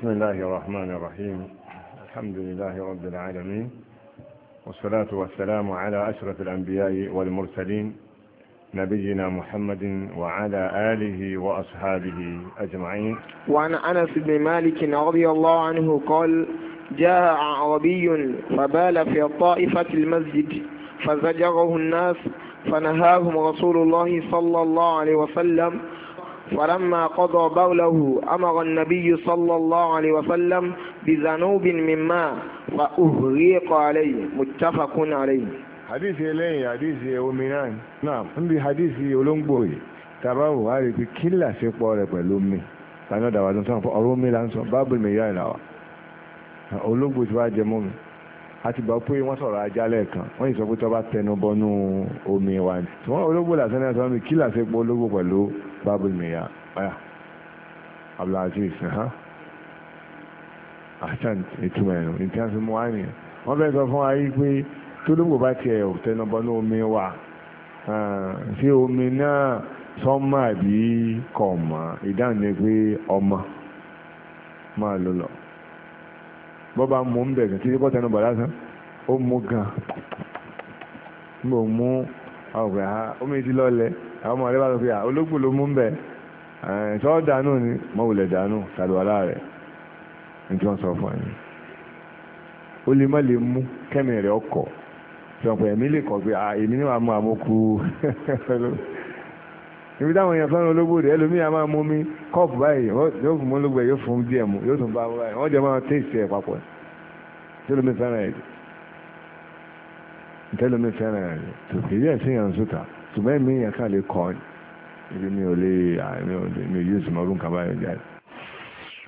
بسم الله الرحمن الرحيم الحمد لله رب العالمين والصلاة والسلام على أشرف الأنبياء والمرسلين نبينا محمد وعلى آله وأصحابه أجمعين وعن أنس بن مالك رضي الله عنه قال جاء عربي فبال في طائفة المسجد فزجره الناس فنهاهم رسول الله صلى الله عليه وسلم فلما قضى بوله أمر النبي صلى الله عليه وسلم بذنوب من ماء فأهريق عليه متفق عليه حديث إليه حديث أمنان نعم عندي حديث أولنبوي تبعه هذه كلا سيقوى لأمي tani da wa nsan fún ọ̀rọ̀ mi la nsan báàbù mi yá ìlà wa olóògbé tí wàá jẹ mọ́ mi àti bá pé wọ́n sọ̀rọ̀ ajá lẹ́ẹ̀kan wọ́n yìí sọ pé tí wọ́n bá tẹnu bọ́nú omi wa ni tí wọ́n olóògbé làṣẹ náà sọ mi kí làṣẹ pé olóògbé pẹ̀lú babul miya ọ̀yà abdulaziz ha asant ìtumọ̀ ẹ̀nu ní tí a fi mú wá nìyẹn wọ́n fẹ́ sọ fún wa yìí pé tólógbò bá tiẹ̀ tẹnubọ́ ní omi wa ṣé omi náà sọ́mọ́ àbí kọ̀ọ̀mọ́ ìdáhùn ni pé ọmọ máa lò lọ bọ́ bá mú ń bẹ̀rẹ̀ títí bọ́ tẹnubọ̀ lásán ó mú gan-an mo mú ọ̀gá àwọn ọmọ rẹ̀ bá sọ pé ológbò ló mú bẹ̀ ṣọ́ dànù ni mọ̀wùlẹ̀ dànù tàlùwàlá rẹ̀ ní tí wọ́n sọ fún ẹni ó lè má lè mú kẹ́mi rẹ̀ ọkọ̀ ṣọ̀pọ̀ ẹ̀mí lè kọ̀ pé èmi ni wàá mú àmókù ibi táwọn èèyàn fẹ́ràn ológbò rẹ̀ ẹlòmíyà máa mú mi kọ́ọ̀pù báyìí yóò fún ológbò yóò fún díẹ̀ mu yóò tún bá wọn báyìí wọ́n jẹ́ máa tẹ̀sí ẹ̀ papọ̀ tẹ́lómi fẹ́ràn ẹ̀ tẹ́lómi fẹ́ràn ẹ̀ tòkè yẹ̀ sí yàn ṣùgbọ́n èmi yẹn kà lè kọ́ ni èmi ò lè àìmí ò lè mi ò yé ìsìnmọ́rún kan báyọ̀ jáde.